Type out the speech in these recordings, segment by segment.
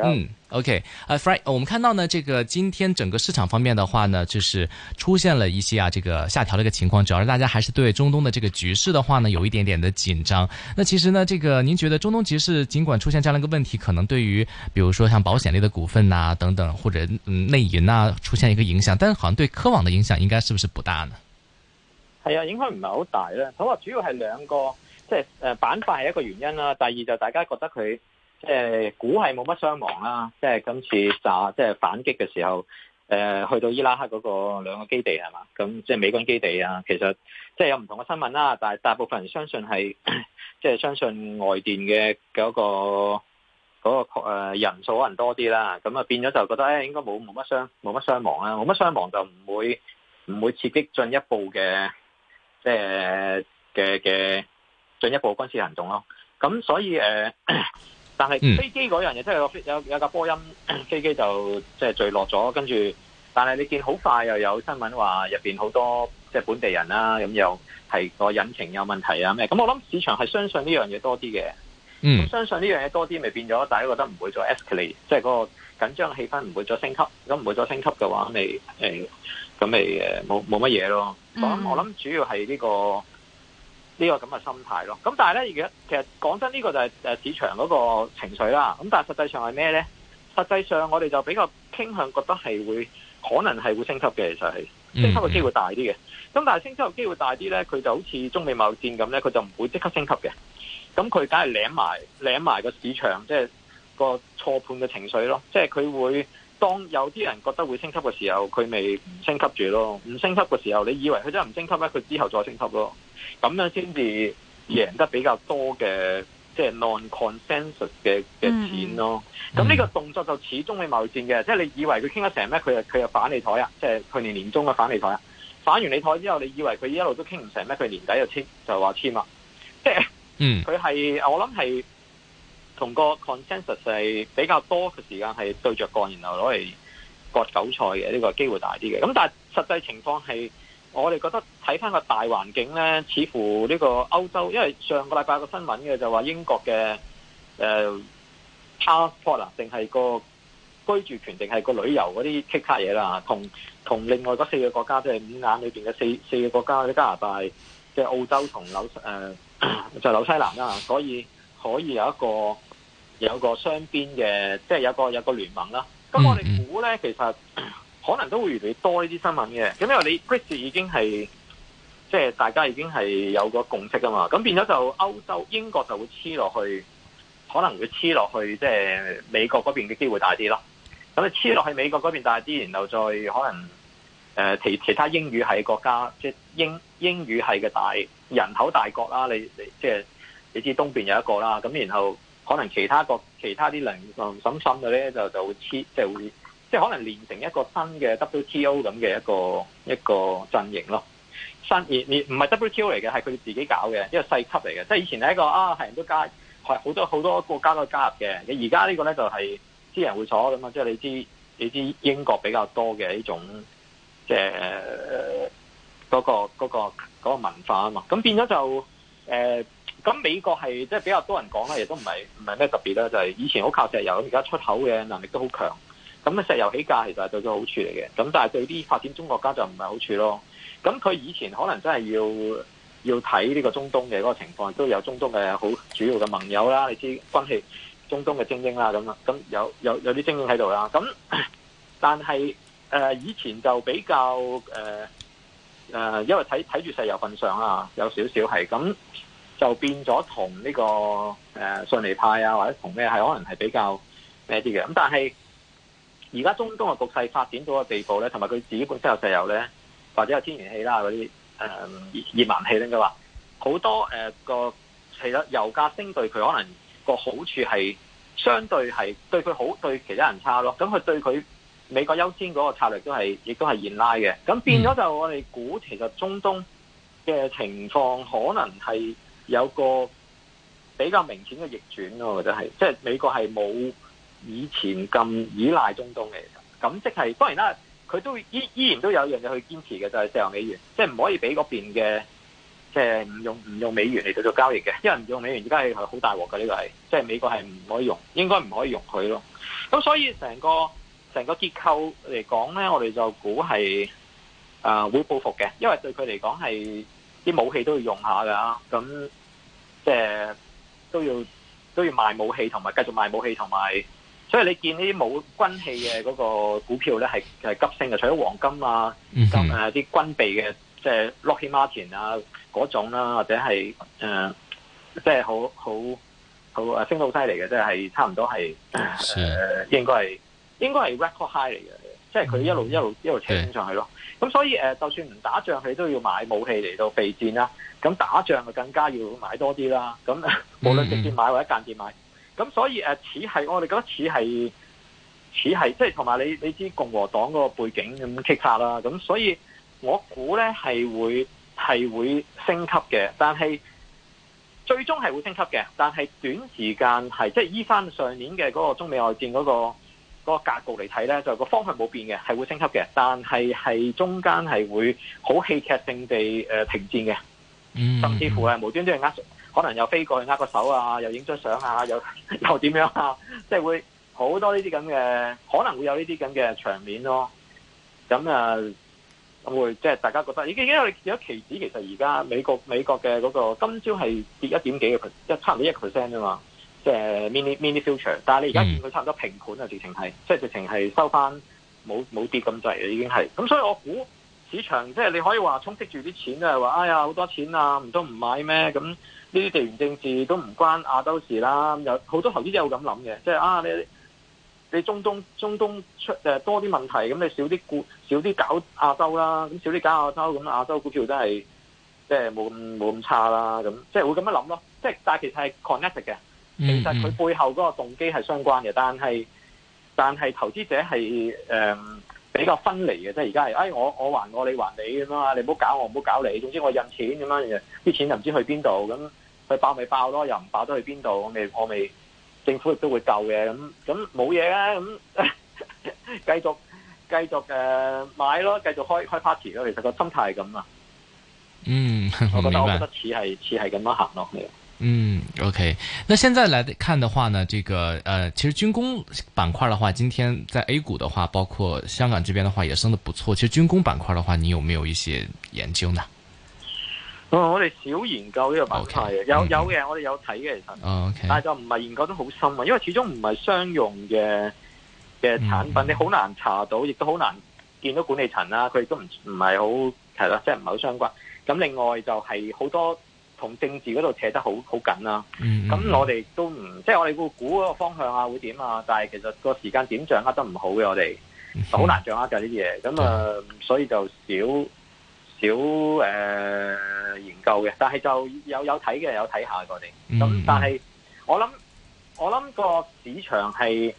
嗯，OK，呃、uh,，Frank，、oh, 我們看到呢，這個今天整個市場方面的話呢，就是出現了一些啊，這個下調的一個情況，主要是大家還是對中東的這個局勢的話呢，有一點點的緊張。那其實呢，這個您覺得中東局勢儘管出現這樣的一個問題，可能對於比如說像保險類的股份呐、啊、等等，或者嗯，內銀啊出現一個影響，但是好像對科網的影響應該是不是不大呢？是啊，影響唔係好大咧。咁啊，主要係兩個，即係誒板塊係一個原因啦、啊。第二就大家覺得佢。即係估係冇乜傷亡啦，即係今次炸即係、就是、反擊嘅時候，誒去到伊拉克嗰個兩個基地係嘛，咁即係美軍基地啊，其實即係有唔同嘅新聞啦，但係大部分人相信係即係相信外電嘅嗰、那個嗰、那個誒人數可能多啲啦，咁啊變咗就覺得誒應該冇冇乜傷冇乜傷亡啦，冇乜傷亡就唔會唔會刺激進一步嘅即係嘅嘅進一步軍事行動咯，咁所以誒。呃但係飛機嗰樣嘢即係有有架波音飛機就即係墜落咗，跟住但係你見好快又有新聞話入面好多即係、就是、本地人啦、啊、咁又係個引擎有問題啊咩？咁我諗市場係相信呢樣嘢多啲嘅，咁、嗯、相信呢樣嘢多啲，咪變咗大家覺得唔會再 escalate，即係嗰個緊張氣氛唔會再升級。咁唔會再升級嘅話，你誒咁咪誒冇冇乜嘢咯？我諗我諗主要係呢、這個。這個、這樣的呢個咁嘅心態咯，咁但係咧而家其實講真的，呢、這個就係誒市場嗰個情緒啦。咁但係實際上係咩咧？實際上我哋就比較傾向覺得係會可能係會升級嘅，其實係升級嘅機會大啲嘅。咁但係升級嘅機會大啲咧，佢就好似中美貿易戰咁咧，佢就唔會即刻升級嘅。咁佢梗係領埋領埋個市場，即係個錯判嘅情緒咯。即係佢會當有啲人覺得會升級嘅時候，佢未升級住咯。唔升級嘅時候，你以為佢真係唔升級咧，佢之後再升級咯。咁樣先至贏得比較多嘅、嗯、即係 non consensus 嘅嘅錢咯。咁、嗯、呢個動作就始終係貿戰嘅，即係你以為佢傾得成咩，佢又佢又反你台啊！即係去年年中嘅反你台啊！反完你台之後，你以為佢一路都傾唔成咩？佢年底就簽就話簽啦。即係佢係我諗係同個 consensus 係比較多嘅時間係對着幹然後攞嚟割韭菜嘅呢、呢個機會大啲嘅。咁但係實際情況係。我哋覺得睇翻個大環境咧，似乎呢個歐洲，因為上個禮拜個新聞嘅就話英國嘅誒、呃、passport 定係個居住權定係個旅遊嗰啲其他嘢啦，同同另外嗰四個國家，即係五眼裏邊嘅四四個國家，加拿大即澳洲同紐誒就紐、是、西蘭啦，所以可以有一個有個雙邊嘅，即係有個有個聯盟啦。咁、嗯嗯、我哋估咧，其實。可能都會越嚟越多呢啲新聞嘅，咁因為你 Brexit 已經係即係大家已經係有個共識啊嘛，咁變咗就歐洲英國就會黐落去，可能會黐落去即係、就是、美國嗰邊嘅機會大啲咯。咁你黐落去美國嗰邊大啲，然後再可能誒、呃、其其他英語系國家，即英英語系嘅大人口大國啦，你即係你知東邊有一個啦，咁然後可能其他國其他啲零嗯審慎嘅咧，就就會黐即係會。即係可能連成一個新嘅 WTO 咁嘅一個一個陣營咯。新而唔係 WTO 嚟嘅，係佢自己搞嘅，一個細級嚟嘅。即係以前係一個啊，係人都加係好多好多國家都加入嘅。而家呢個咧就係、是、私人會所咁嘛。即、就、係、是、你知你知英國比較多嘅呢種嘅嗰、呃嗰個嗰、嗰個嗰個、文化啊嘛。咁變咗就誒咁、呃、美國係即係比較多人講啦，亦都唔係唔係咩特別啦，就係、是、以前好靠石油，而家出口嘅能力都好強。咁啊，石油起價其實係對佢好處嚟嘅，咁但係對啲發展中國家就唔係好處咯。咁佢以前可能真係要要睇呢個中東嘅嗰個情況，都有中東嘅好主要嘅盟友啦。你知關係中東嘅精英啦，咁咁有有有啲精英喺度啦。咁但係誒、呃、以前就比較誒誒、呃呃，因為睇睇住石油份上啊，有少少係咁就變咗同呢個誒、呃、遜尼派啊，或者同咩係可能係比較咩啲嘅。咁但係。而家中東嘅局勢發展到嘅地步咧，同埋佢自己本身有石油咧，或者有天然氣啦嗰啲，誒液液氮氣應該話好多誒、呃、個，其實油價升對佢可能個好處係相對係對佢好，對其他人差咯。咁佢對佢美國優先嗰個策略都係，亦都係現拉嘅。咁變咗就我哋估其實中東嘅情況可能係有個比較明顯嘅逆轉咯，我覺得係，即係美國係冇。以前咁依賴中東嚟，咁即係當然啦。佢都依依然都有一樣嘢去堅持嘅，就係石油美元，即係唔可以俾嗰邊嘅即係唔用唔用美元嚟到做交易嘅。因為唔用美元，而家係好大鑊嘅呢個係，即係美國係唔可以用，應該唔可以用佢咯。咁所以成個成個結構嚟講呢，我哋就估係啊會報復嘅，因為對佢嚟講係啲武器都要用下㗎，咁即係都要都要賣武器同埋繼續賣武器同埋。所以你見呢啲冇軍器嘅嗰個股票咧，係係急升嘅，除咗黃金啊，金誒啲軍備嘅，即係 Lockheed Martin 啊嗰種啦、啊，或者係誒、呃，即係好好好誒升到好犀利嘅，即係差唔多係誒應該係應該係 record high 嚟嘅，即係佢一路一路、嗯、一路一路升上去咯。咁所以誒、呃，就算唔打仗，佢都要買武器嚟到備戰啦。咁打仗就更加要買多啲啦。咁無論直接買或者間接買。嗯咁、嗯、所以誒、呃，似係，我哋覺得似係似係，即係同埋你你知共和黨嗰個背景咁篩殺啦。咁、嗯啊嗯、所以我估咧係會係會升級嘅，但係最終係會升級嘅。但係短時間係即係依返上年嘅嗰個中美外戰嗰、嗰個嗰個格局嚟睇咧，就係、個方向冇變嘅，係會升級嘅。但係係中間係會好戲劇性地誒、呃、停戰嘅，甚至乎係無端端呃。可能又飛過去握個手啊，又影張相啊，又又點樣啊？即係會好多呢啲咁嘅，可能會有呢啲咁嘅場面咯。咁啊，會即係大家覺得已經因為你見到期指，其實而家美國美國嘅嗰個今朝係跌一點幾個，一差唔多一個 percent 啫嘛。即係 mini mini future，但係你而家見佢差唔多平盤啊，直情係即係直情係收翻冇冇跌咁滯已經係。咁所以我估市場即係你可以話充斥住啲錢都係話，哎呀好多錢啊，唔通唔買咩咁？呢啲地緣政治都唔關亞洲事啦，有好多投資者有咁諗嘅，即係啊你你中東中東出誒、呃、多啲問題，咁你少啲沽少啲搞亞洲啦，咁少啲搞亞洲，咁亞，亞洲股票都係即係冇咁冇咁差啦，咁即係會咁樣諗咯。即係但其實係 connect 嘅，其實佢背後嗰個動機係相關嘅，但係但係投資者係誒、呃、比較分離嘅，即係而家係，哎我我還我你還你咁啊，你唔好搞我唔好搞你，總之我印錢咁啊啲錢就唔知去邊度咁。爆咪爆咯，又唔爆得去邊度？我未，我未，政府亦都會救嘅。咁咁冇嘢啊！咁繼 續繼續誒、呃，買咯，繼續開開 party 咯。其實個心態係咁啊。嗯，我覺得我覺得似係似係咁樣行落、啊、去。嗯，OK。那現在來看的話呢，這個，呃，其實軍工板塊的話，今天在 A 股的話，包括香港這邊的話，也升得不錯。其實軍工板塊的話，你有沒有一些研究呢？哦、我哋少研究呢個問題啊，有有嘅，我哋有睇嘅其實，但係就唔係研究得好深啊，因為始終唔係商用嘅嘅產品，嗯、你好難查到，亦都好難見到管理層啦，佢亦都唔唔係好係啦，即係唔係好相關。咁另外就係好多同政治嗰度扯得好好緊啦。咁、嗯、我哋都唔即係我哋會估嗰個方向啊，會點啊？但係其實個時間點掌握得唔好嘅、啊，我哋好難掌握㗎啲嘢。咁、嗯、啊，所以就少。少誒、呃、研究嘅，但係就有有睇嘅，有睇下我哋。咁但係我諗，我諗個市場係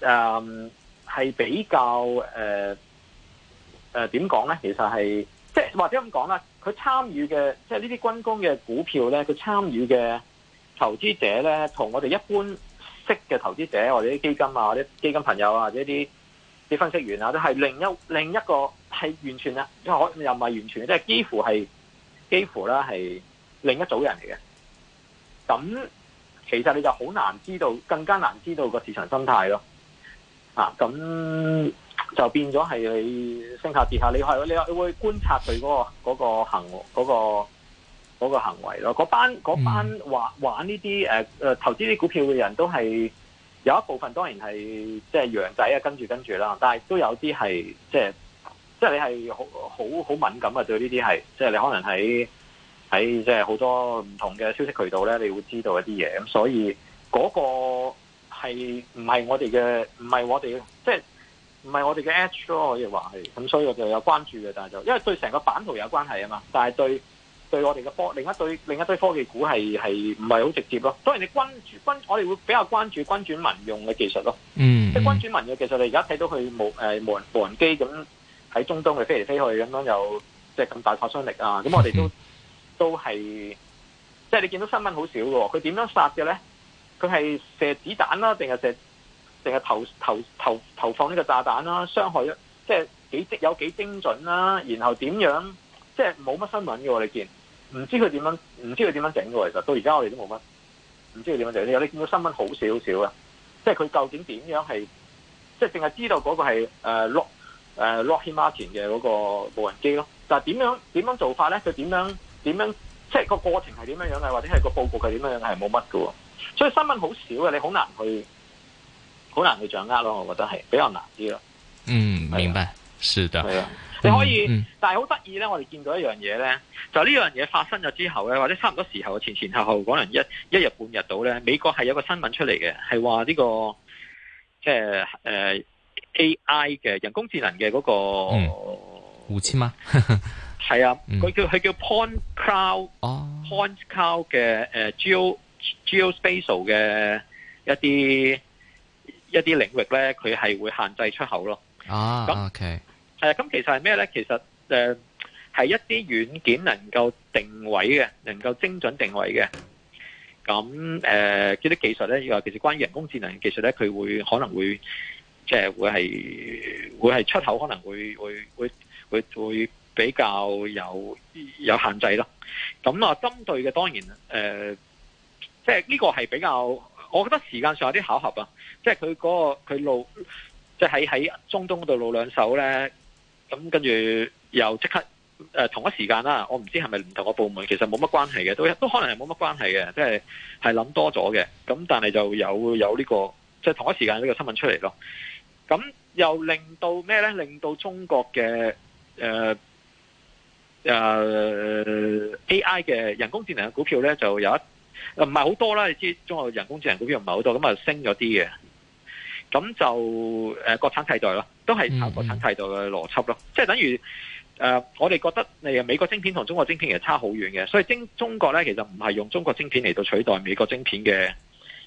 誒係比較誒誒點講咧？其實係即係或者咁講啦，佢參與嘅即係呢啲軍工嘅股票咧，佢參與嘅投資者咧，同我哋一般識嘅投資者，或者基金啊，或者基金朋友啊，或者啲。啲分析員，啊，都係另一另一個係完全啊，因為我又唔係完全，即係幾乎係幾乎啦，係另一組人嚟嘅。咁其實你就好難知道，更加難知道個市場心態咯。啊，咁就變咗係升下跌下，你係你會觀察佢嗰個嗰個行嗰個嗰個行為咯。嗰班嗰班玩玩呢啲、啊、投資啲股票嘅人都係。有一部分當然係即係養仔啊，跟住跟住啦，但係都有啲係即係即係你係好好好敏感啊，對呢啲係即係你可能喺喺即係好多唔同嘅消息渠道咧，你會知道一啲嘢咁，所以嗰個係唔係我哋嘅唔係我哋即係唔係我哋嘅 edge 可以話係咁，所以我就有關注嘅，但係就因為對成個版圖有關係啊嘛，但係對。對我哋嘅科，另一對另一堆科技股係係唔係好直接咯？所以你軍轉軍，我哋會比較關注軍轉民用嘅技術咯。嗯，即軍轉民用技術，你而家睇到佢無誒無、呃、無人機咁喺中東嘅飛嚟飛去咁樣有，樣有即係咁大殺傷力、嗯就是、啊！咁我哋都都係即係你見到新聞好少㗎喎，佢點樣殺嘅咧？佢係射子彈啦，定係射定係投投投投放呢個炸彈啦、啊？傷害即係幾精有幾精準啦、啊？然後點樣？即係冇乜新聞嘅喎，你見唔知佢點樣，唔知佢點樣整嘅喎，其實到而家我哋都冇乜，唔知佢點樣整。有你見到新聞好少少啦，即係佢究竟點樣係，即係淨係知道嗰個係誒 Lock 誒 Lockheed Martin 嘅嗰個無人機咯。但係點樣點樣做法咧？佢點樣點樣，即係個過程係點樣樣嘅，或者係個報告係點樣樣係冇乜嘅喎。所以新聞好少嘅，你好難去，好難去掌握咯。我覺得係比較難啲咯。嗯，明白，是的。是的。你可以，嗯嗯、但係好得意咧。我哋見到一樣嘢咧，就呢樣嘢發生咗之後咧，或者差唔多時候前前後後，可能一一日半日到咧，美國係有一個新聞出嚟嘅，係話呢個即係誒 AI 嘅人工智能嘅嗰、那個武器嘛？係、嗯、 啊，佢、嗯、叫佢叫 Point Cloud 哦 Point Cloud 嘅誒、呃、Geo Geo Spatial 嘅一啲一啲領域咧，佢係會限制出口咯。啊，OK。係啊，咁其實係咩咧？其實誒，係、呃、一啲軟件能夠定位嘅，能夠精準定位嘅。咁誒，嗰、呃、啲技術咧，又係其實關於人工智能技術咧，佢會可能會即係會係會係出口，可能會會會會會，會，會比較有有限制咯。咁啊，針對嘅當然誒、呃，即係呢個係比較，我覺得時間上有啲巧合啊。即係佢嗰個佢露，即係喺中東嗰度露兩手咧。咁跟住又即刻、呃、同一時間啦，我唔知係咪唔同個部門其實冇乜關係嘅，都都可能係冇乜關係嘅，即係係諗多咗嘅。咁但係就有有呢個即係、就是、同一時間呢個新聞出嚟咯。咁又令到咩咧？令到中國嘅誒誒 AI 嘅人工智能嘅股票咧，就有一誒唔係好多啦。你知中國人工智能股票唔係好多，咁啊升咗啲嘅。咁就誒、呃、國產替代咯。都係靠國產替代嘅邏輯咯，嗯嗯，即係等於誒、呃，我哋覺得誒美國晶片同中國晶片其實差好遠嘅，所以晶中國咧其實唔係用中國晶片嚟到取代美國晶片嘅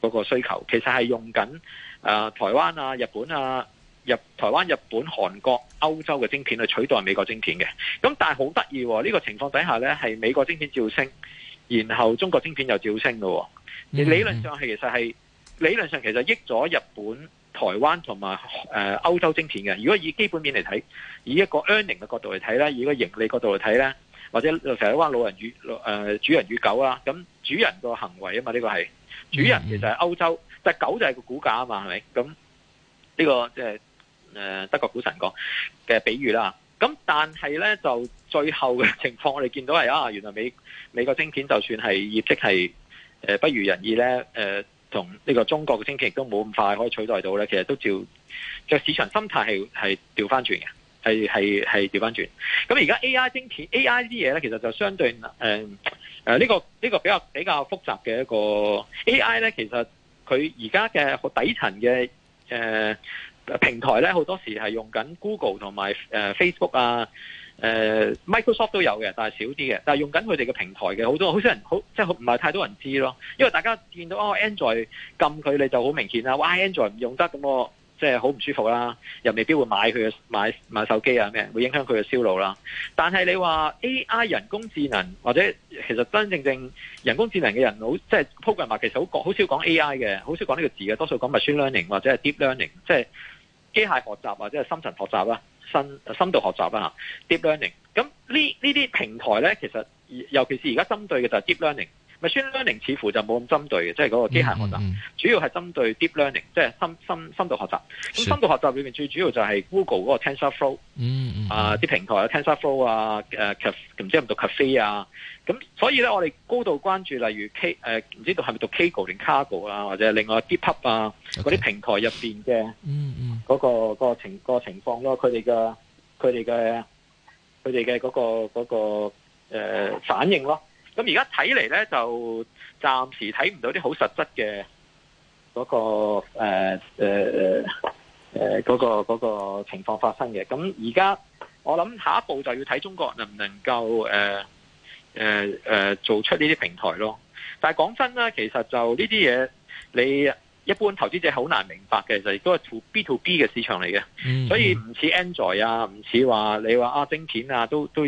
嗰個需求，其實係用緊誒、呃、台灣啊、日本啊、日台灣、日本、韓國、歐洲嘅晶片去取代美國晶片嘅。咁但係好得意呢個情況底下咧，係美國晶片照升，然後中國晶片又照升咯喎。而理論上係其實係理論上其實，嗯嗯理論上其實益咗日本。台灣同埋誒歐洲晶片嘅，如果以基本面嚟睇，以一個 earnings 嘅角度嚟睇咧，以一個盈利角度嚟睇咧，或者成日話老人與、呃、主人與狗啦咁、嗯、主人個行為啊嘛，呢、這個係主人其實係歐洲，但狗就係個股價啊嘛，係咪？咁、嗯、呢、這個即係誒德國股神講嘅比喻啦。咁、嗯、但係咧，就最後嘅情況，我哋見到係啊，原來美美國晶片就算係業績係誒、呃、不如人意咧，誒、呃。同呢個中國嘅芯片亦都冇咁快可以取代到咧，其實都照嘅市場心態係係調翻轉嘅，係係係調翻轉。咁而家 A I 芯片 A I 呢啲嘢咧，其實就相對誒誒呢個呢個比較比較複雜嘅一個 A I 咧，其實佢而家嘅好底層嘅誒、呃、平台咧，好多時係用緊 Google 同埋誒 Facebook 啊。誒、uh, Microsoft 都有嘅，但係少啲嘅。但係用緊佢哋嘅平台嘅好多，好少人好即係唔係太多人知咯。因為大家見到哦 Android 撳佢，你就好明顯啦。哇，Android 唔用得咁，我即係好唔舒服啦，又未必會買佢嘅買買手機啊咩，會影響佢嘅銷路啦。但係你話 AI 人工智能或者其實真真正正人工智能嘅人好即係 programmer 其實好好少講 AI 嘅，好少講呢個字嘅，多數講 machine learning 或者係 deep learning，即係。機械學習或者係深層學習啦，深深度學習啦吓，deep learning，咁呢呢啲平台咧，其實尤其是而家針對嘅就係 deep learning。Machine learning 似乎就冇咁針對嘅，即係嗰個機械學習，mm-hmm. 主要係針對 deep learning，即係深深深度學習。咁深度學習裏面最主要就係 Google 嗰個 TensorFlow、mm-hmm. 啊啲平台啦 TensorFlow 啊，誒唔知有冇讀 Caffe 啊。咁、啊、所以咧，我哋高度關注例如 K 唔、啊、知道係咪讀 Kaggle 定 Cargo 啊，或者另外 DeepUp 啊嗰啲、okay. 平台入面嘅、那個，嗰、mm-hmm. 個情情況咯，佢哋嘅佢哋嘅佢哋嘅嗰個嗰、那個那個呃、反應咯。咁而家睇嚟咧，就暫時睇唔到啲好實質嘅嗰、嗰個誒誒誒嗰個嗰個情況發生嘅。咁而家我諗下一步就要睇中國能唔能夠誒誒、呃呃呃、做出呢啲平台咯。但係講真呢，其實就呢啲嘢你。一般投資者好難明白嘅，其實亦都係 B to B 嘅市場嚟嘅，嗯，所以唔似 Android 啊，唔似話你話啊晶片啊，都都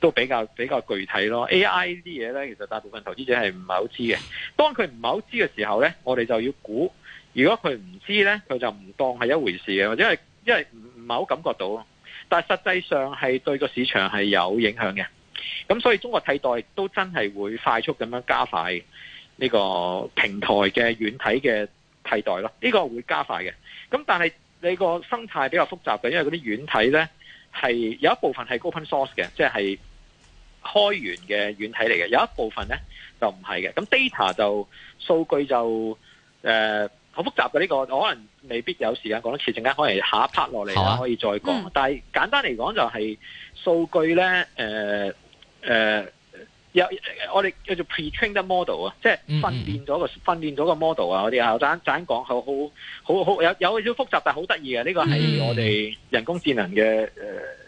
都比較比較具體咯。AI 這些呢啲嘢咧，其實大部分投資者係唔係好知嘅。當佢唔係好知嘅時候咧，我哋就要估。如果佢唔知咧，佢就唔當係一回事嘅，或者係因為唔唔係好感覺到咯。但係實際上係對個市場係有影響嘅。咁所以中國替代都真係會快速咁樣加快呢個平台嘅軟體嘅。替代咯，呢、這個會加快嘅。咁但係你個生態比較複雜嘅，因為嗰啲軟體咧係有一部分係 open source 嘅，即係開源嘅軟體嚟嘅。有一部分咧就唔係嘅。咁 data 就數據就誒好、呃、複雜嘅呢、這個我可能未必有時間講多次。陣間可能下一 part 落嚟可以再講，啊、但係簡單嚟講就係、是、數據咧誒誒。呃呃有我哋叫做 pre-trained model 啊，即係訓練咗個，訓練咗個 model 啊，我哋啊，就咁就咁講，好好好好有有少少複雜，但係好得意嘅，呢個係我哋人工智能嘅誒。嗯呃